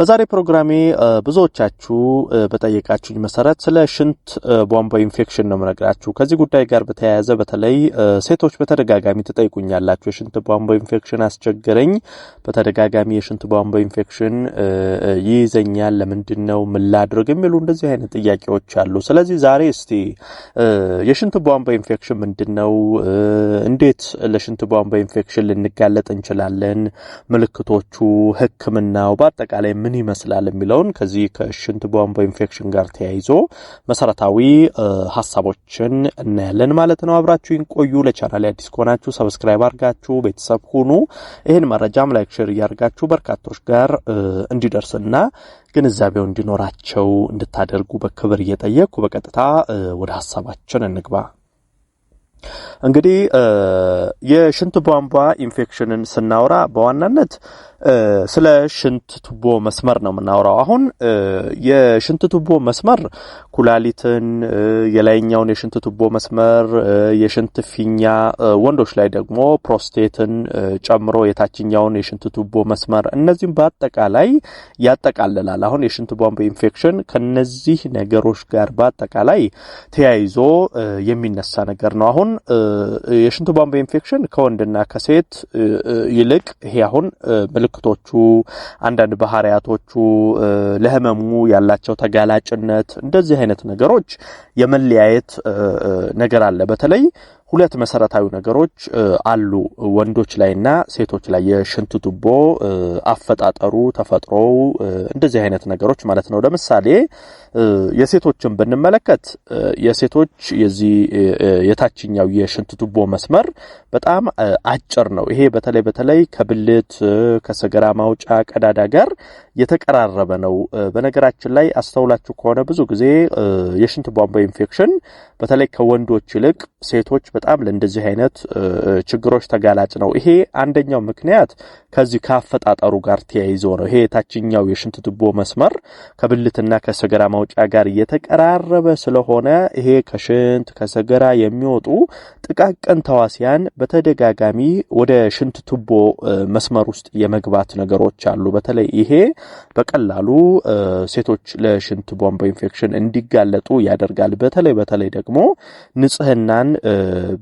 በዛሬ ፕሮግራሜ ብዙዎቻችሁ በጠየቃችሁኝ መሰረት ስለ ሽንት ቧንቧ ኢንፌክሽን ነው የምነግራችሁ። ከዚህ ጉዳይ ጋር በተያያዘ በተለይ ሴቶች በተደጋጋሚ ትጠይቁኛላችሁ። የሽንት ቧንቧ ኢንፌክሽን አስቸገረኝ፣ በተደጋጋሚ የሽንት ቧንቧ ኢንፌክሽን ይይዘኛል፣ ለምንድን ነው ምላድርግ የሚሉ እንደዚህ አይነት ጥያቄዎች አሉ። ስለዚህ ዛሬ እስቲ የሽንት ቧንቧ ኢንፌክሽን ምንድን ነው? እንዴት ለሽንት ቧንቧ ኢንፌክሽን ልንጋለጥ እንችላለን? ምልክቶቹ፣ ህክምናው በአጠቃላይ ምን ይመስላል የሚለውን ከዚህ ከሽንት ቧንቧ ኢንፌክሽን ጋር ተያይዞ መሰረታዊ ሀሳቦችን እናያለን ማለት ነው። አብራችሁ ቆዩ። ለቻናል አዲስ ከሆናችሁ ሰብስክራይብ አድርጋችሁ ቤተሰብ ሁኑ። ይህን መረጃም ላይክ፣ ሼር እያደርጋችሁ በርካቶች ጋር እንዲደርስና ግንዛቤው እንዲኖራቸው እንድታደርጉ በክብር እየጠየቅኩ በቀጥታ ወደ ሀሳባችን እንግባ። እንግዲህ የሽንት ቧንቧ ኢንፌክሽንን ስናወራ በዋናነት ስለ ሽንት ቱቦ መስመር ነው የምናወራው። አሁን የሽንት ቱቦ መስመር ኩላሊትን፣ የላይኛውን የሽንት ቱቦ መስመር፣ የሽንት ፊኛ፣ ወንዶች ላይ ደግሞ ፕሮስቴትን ጨምሮ የታችኛውን የሽንት ቱቦ መስመር፣ እነዚህም በአጠቃላይ ያጠቃልላል። አሁን የሽንት ቧንቧ ኢንፌክሽን ከነዚህ ነገሮች ጋር በአጠቃላይ ተያይዞ የሚነሳ ነገር ነው። አሁን የሽንት ቧንቧ ኢንፌክሽን ከወንድና ከሴት ይልቅ ይሄ አሁን ምልክቶቹ፣ አንዳንድ ባህሪያቶቹ፣ ለህመሙ ያላቸው ተጋላጭነት፣ እንደዚህ አይነት ነገሮች የመለያየት ነገር አለ። በተለይ ሁለት መሰረታዊ ነገሮች አሉ ወንዶች ላይና ሴቶች ላይ የሽንት ቱቦ አፈጣጠሩ፣ ተፈጥሮው እንደዚህ አይነት ነገሮች ማለት ነው። ለምሳሌ የሴቶችን ብንመለከት የሴቶች የዚህ የታችኛው የሽንት ቱቦ መስመር በጣም አጭር ነው። ይሄ በተለይ በተለይ ከብልት ከሰገራ ማውጫ ቀዳዳ ጋር የተቀራረበ ነው። በነገራችን ላይ አስተውላችሁ ከሆነ ብዙ ጊዜ የሽንት ቧንቧ ኢንፌክሽን በተለይ ከወንዶች ይልቅ ሴቶች በጣም ለእንደዚህ አይነት ችግሮች ተጋላጭ ነው። ይሄ አንደኛው ምክንያት ከዚህ ከአፈጣጠሩ ጋር ተያይዞ ነው። ይሄ የታችኛው የሽንት ቱቦ መስመር ከብልትና ከሰገራ ማውጫ ጋር እየተቀራረበ ስለሆነ ይሄ ከሽንት ከሰገራ የሚወጡ ጥቃቅን ተዋሲያን በተደጋጋሚ ወደ ሽንት ቱቦ መስመር ውስጥ የመግባት ነገሮች አሉ። በተለይ ይሄ በቀላሉ ሴቶች ለሽንት ቧንቧ ኢንፌክሽን እንዲጋለጡ ያደርጋል። በተለይ በተለይ ደግሞ ንጽህናን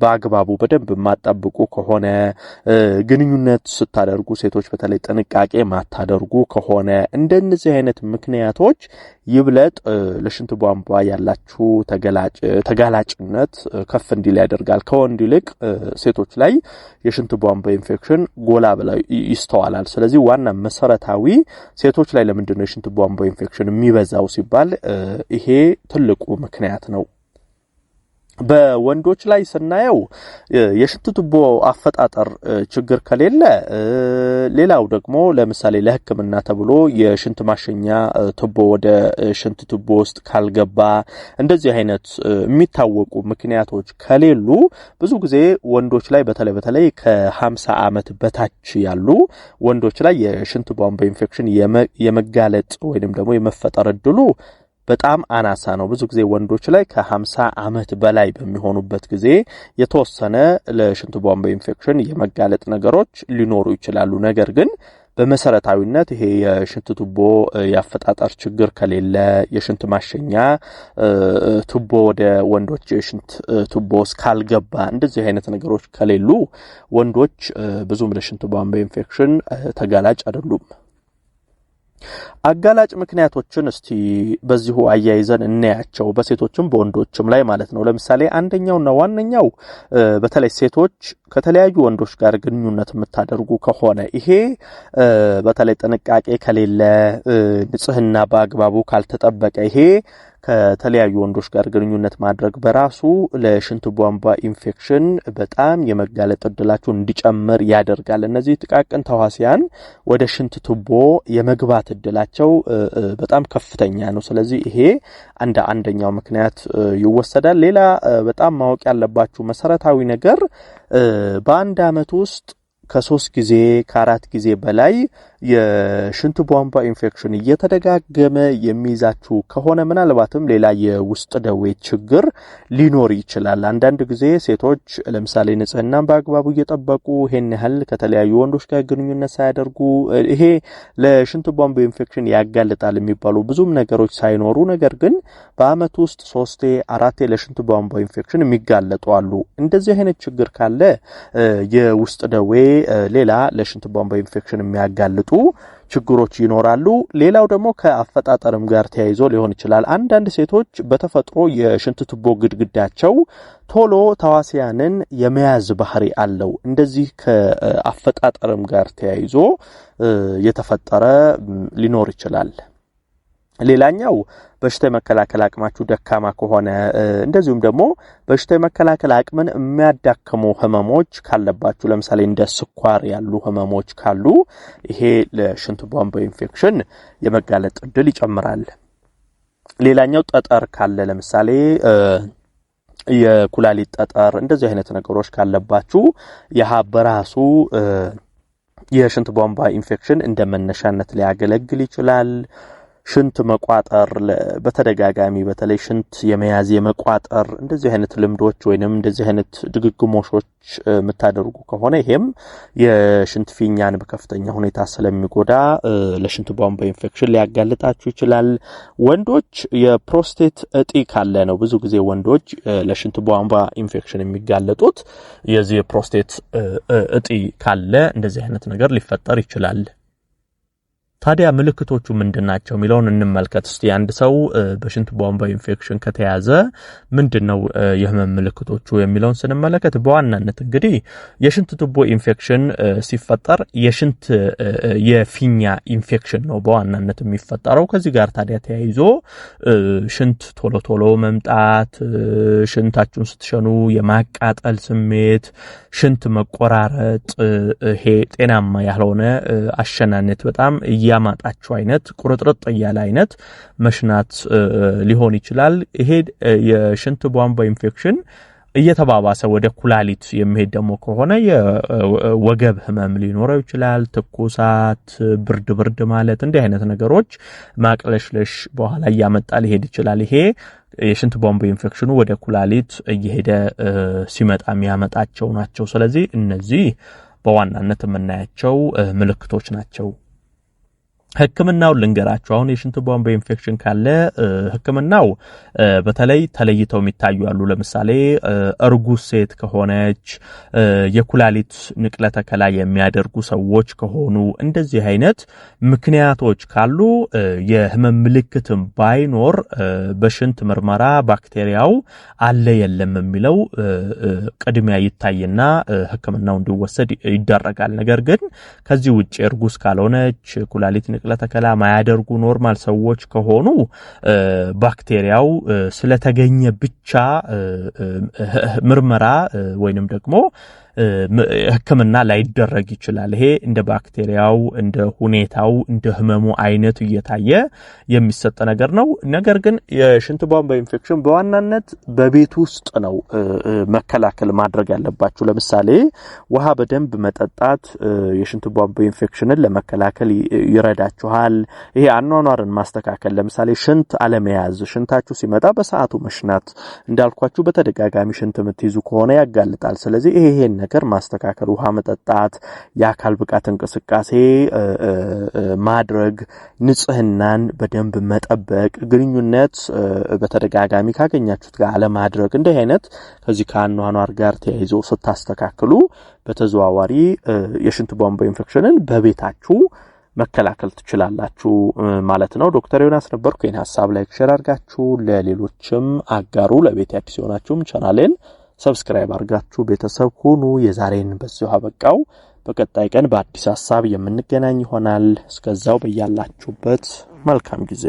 በአግባቡ በደንብ የማጠብቁ ከሆነ ግንኙነት ስታደርጉ ሴቶች በተለይ ጥንቃቄ ማታደርጉ ከሆነ እንደነዚህ አይነት ምክንያቶች ይብለጥ ለሽንት ቧንቧ ያላችሁ ተጋላጭነት ከፍ እንዲል ያደርጋል። ከወንድ ይልቅ ሴቶች ላይ የሽንት ቧንቧ ኢንፌክሽን ጎላ ብላ ይስተዋላል። ስለዚህ ዋና መሰረታዊ ሴቶች ላይ ለምንድነው የሽንት ቧንቧ ኢንፌክሽን የሚበዛው ሲባል ይሄ ትልቁ ምክንያት ነው። በወንዶች ላይ ስናየው የሽንት ቱቦ አፈጣጠር ችግር ከሌለ፣ ሌላው ደግሞ ለምሳሌ ለሕክምና ተብሎ የሽንት ማሸኛ ቱቦ ወደ ሽንት ቱቦ ውስጥ ካልገባ፣ እንደዚህ አይነት የሚታወቁ ምክንያቶች ከሌሉ ብዙ ጊዜ ወንዶች ላይ በተለይ በተለይ ከሀምሳ ዓመት በታች ያሉ ወንዶች ላይ የሽንት ቧንቧ ኢንፌክሽን የመጋለጥ ወይንም ደግሞ የመፈጠር እድሉ በጣም አናሳ ነው። ብዙ ጊዜ ወንዶች ላይ ከ50 ዓመት በላይ በሚሆኑበት ጊዜ የተወሰነ ለሽንት ቧንቧ ኢንፌክሽን የመጋለጥ ነገሮች ሊኖሩ ይችላሉ። ነገር ግን በመሰረታዊነት ይሄ የሽንት ቱቦ የአፈጣጠር ችግር ከሌለ የሽንት ማሸኛ ቱቦ ወደ ወንዶች የሽንት ቱቦ እስካልገባ ካልገባ እንደዚህ አይነት ነገሮች ከሌሉ ወንዶች ብዙም ለሽንት ቧንቧ ኢንፌክሽን ተጋላጭ አይደሉም። አጋላጭ ምክንያቶችን እስቲ በዚሁ አያይዘን እናያቸው፣ በሴቶችም በወንዶችም ላይ ማለት ነው። ለምሳሌ አንደኛውና ዋነኛው በተለይ ሴቶች ከተለያዩ ወንዶች ጋር ግንኙነት የምታደርጉ ከሆነ ይሄ በተለይ ጥንቃቄ ከሌለ፣ ንጽህና በአግባቡ ካልተጠበቀ ይሄ ከተለያዩ ወንዶች ጋር ግንኙነት ማድረግ በራሱ ለሽንት ቧንቧ ኢንፌክሽን በጣም የመጋለጥ እድላቸውን እንዲጨምር ያደርጋል። እነዚህ ጥቃቅን ተዋሲያን ወደ ሽንት ቱቦ የመግባት እድላቸው በጣም ከፍተኛ ነው። ስለዚህ ይሄ እንደ አንደኛው ምክንያት ይወሰዳል። ሌላ በጣም ማወቅ ያለባችሁ መሰረታዊ ነገር በአንድ አመት ውስጥ ከሶስት ጊዜ ከአራት ጊዜ በላይ የሽንት ቧንቧ ኢንፌክሽን እየተደጋገመ የሚይዛችሁ ከሆነ ምናልባትም ሌላ የውስጥ ደዌ ችግር ሊኖር ይችላል። አንዳንድ ጊዜ ሴቶች ለምሳሌ ንጽህናን በአግባቡ እየጠበቁ ይሄን ያህል ከተለያዩ ወንዶች ጋር ግንኙነት ሳያደርጉ ይሄ ለሽንት ቧንቧ ኢንፌክሽን ያጋልጣል የሚባሉ ብዙም ነገሮች ሳይኖሩ ነገር ግን በአመት ውስጥ ሶስቴ አራቴ ለሽንት ቧንቧ ኢንፌክሽን የሚጋለጡ አሉ። እንደዚህ አይነት ችግር ካለ የውስጥ ደዌ ሌላ ለሽንት ቧንቧ ኢንፌክሽን የሚያጋልጡ ችግሮች ይኖራሉ። ሌላው ደግሞ ከአፈጣጠርም ጋር ተያይዞ ሊሆን ይችላል። አንዳንድ ሴቶች በተፈጥሮ የሽንት ቱቦ ግድግዳቸው ቶሎ ተዋሲያንን የመያዝ ባህሪ አለው። እንደዚህ ከአፈጣጠርም ጋር ተያይዞ የተፈጠረ ሊኖር ይችላል። ሌላኛው በሽታ የመከላከል አቅማችሁ ደካማ ከሆነ እንደዚሁም ደግሞ በሽታ የመከላከል አቅምን የሚያዳክሙ ህመሞች ካለባችሁ ለምሳሌ እንደ ስኳር ያሉ ህመሞች ካሉ ይሄ ለሽንት ቧንቧ ኢንፌክሽን የመጋለጥ እድል ይጨምራል። ሌላኛው ጠጠር ካለ ለምሳሌ የኩላሊት ጠጠር እንደዚህ አይነት ነገሮች ካለባችሁ ይህ በራሱ የሽንት ቧንቧ ኢንፌክሽን እንደ መነሻነት ሊያገለግል ይችላል። ሽንት መቋጠር በተደጋጋሚ በተለይ ሽንት የመያዝ የመቋጠር እንደዚህ አይነት ልምዶች ወይንም እንደዚህ አይነት ድግግሞሾች የምታደርጉ ከሆነ ይሄም የሽንት ፊኛን በከፍተኛ ሁኔታ ስለሚጎዳ ለሽንት ቧንቧ ኢንፌክሽን ሊያጋልጣችሁ ይችላል። ወንዶች የፕሮስቴት እጢ ካለ ነው ብዙ ጊዜ ወንዶች ለሽንት ቧንቧ ኢንፌክሽን የሚጋለጡት። የዚህ የፕሮስቴት እጢ ካለ እንደዚህ አይነት ነገር ሊፈጠር ይችላል። ታዲያ ምልክቶቹ ምንድን ናቸው የሚለውን እንመልከት እስቲ። አንድ ሰው በሽንት ቧንቧ ኢንፌክሽን ከተያዘ ምንድን ነው የህመም ምልክቶቹ የሚለውን ስንመለከት በዋናነት እንግዲህ የሽንት ቱቦ ኢንፌክሽን ሲፈጠር የሽንት የፊኛ ኢንፌክሽን ነው በዋናነት የሚፈጠረው። ከዚህ ጋር ታዲያ ተያይዞ ሽንት ቶሎ ቶሎ መምጣት፣ ሽንታችሁን ስትሸኑ የማቃጠል ስሜት፣ ሽንት መቆራረጥ፣ ይሄ ጤናማ ያልሆነ አሸናነት በጣም ያማጣችሁ አይነት ቁርጥርጥ እያለ አይነት መሽናት ሊሆን ይችላል። ይሄ የሽንት ቧንቧ ኢንፌክሽን እየተባባሰ ወደ ኩላሊት የሚሄድ ደግሞ ከሆነ የወገብ ህመም ሊኖረው ይችላል። ትኩሳት፣ ብርድ ብርድ ማለት እንዲህ አይነት ነገሮች ማቅለሽለሽ በኋላ እያመጣ ሊሄድ ይችላል። ይሄ የሽንት ቧንቧ ኢንፌክሽኑ ወደ ኩላሊት እየሄደ ሲመጣ የሚያመጣቸው ናቸው። ስለዚህ እነዚህ በዋናነት የምናያቸው ምልክቶች ናቸው። ህክምናው ልንገራችሁ። አሁን የሽንት ቧንቧ ኢንፌክሽን ካለ ህክምናው በተለይ ተለይተው የሚታዩ አሉ። ለምሳሌ እርጉዝ ሴት ከሆነች፣ የኩላሊት ንቅለ ተከላ የሚያደርጉ ሰዎች ከሆኑ፣ እንደዚህ አይነት ምክንያቶች ካሉ የህመም ምልክትም ባይኖር በሽንት ምርመራ ባክቴሪያው አለ የለም የሚለው ቅድሚያ ይታይና ህክምናው እንዲወሰድ ይደረጋል። ነገር ግን ከዚህ ውጭ እርጉዝ ካልሆነች ኩላሊት ንቅለ ተከላ ማያደርጉ ኖርማል ሰዎች ከሆኑ ባክቴሪያው ስለተገኘ ብቻ ምርመራ ወይንም ደግሞ ሕክምና ላይደረግ ይችላል። ይሄ እንደ ባክቴሪያው፣ እንደ ሁኔታው፣ እንደ ህመሙ አይነቱ እየታየ የሚሰጥ ነገር ነው። ነገር ግን የሽንት ቧንቧ ኢንፌክሽን በዋናነት በቤት ውስጥ ነው መከላከል ማድረግ ያለባችሁ። ለምሳሌ ውሃ በደንብ መጠጣት የሽንት ቧንቧ ኢንፌክሽንን ለመከላከል ይረዳችኋል። ይሄ አኗኗርን ማስተካከል ለምሳሌ ሽንት አለመያዝ፣ ሽንታችሁ ሲመጣ በሰዓቱ መሽናት፣ እንዳልኳችሁ በተደጋጋሚ ሽንት የምትይዙ ከሆነ ያጋልጣል። ስለዚህ ይሄን ነገር ማስተካከል፣ ውሃ መጠጣት፣ የአካል ብቃት እንቅስቃሴ ማድረግ፣ ንጽህናን በደንብ መጠበቅ፣ ግንኙነት በተደጋጋሚ ካገኛችሁት ጋር አለማድረግ፣ እንዲህ አይነት ከዚህ ከአኗኗር ጋር ተያይዞ ስታስተካክሉ በተዘዋዋሪ የሽንት ቧንቧ ኢንፌክሽንን በቤታችሁ መከላከል ትችላላችሁ ማለት ነው። ዶክተር ዮናስ ነበርኩ። ይህን ሀሳብ ላይክ ሸር አድርጋችሁ ለሌሎችም አጋሩ። ለቤት አዲስ የሆናችሁም ቻናሌን ሰብስክራይብ አድርጋችሁ ቤተሰብ ሁኑ። የዛሬን በዚሁ አበቃው። በቀጣይ ቀን በአዲስ ሀሳብ የምንገናኝ ይሆናል። እስከዛው በያላችሁበት መልካም ጊዜ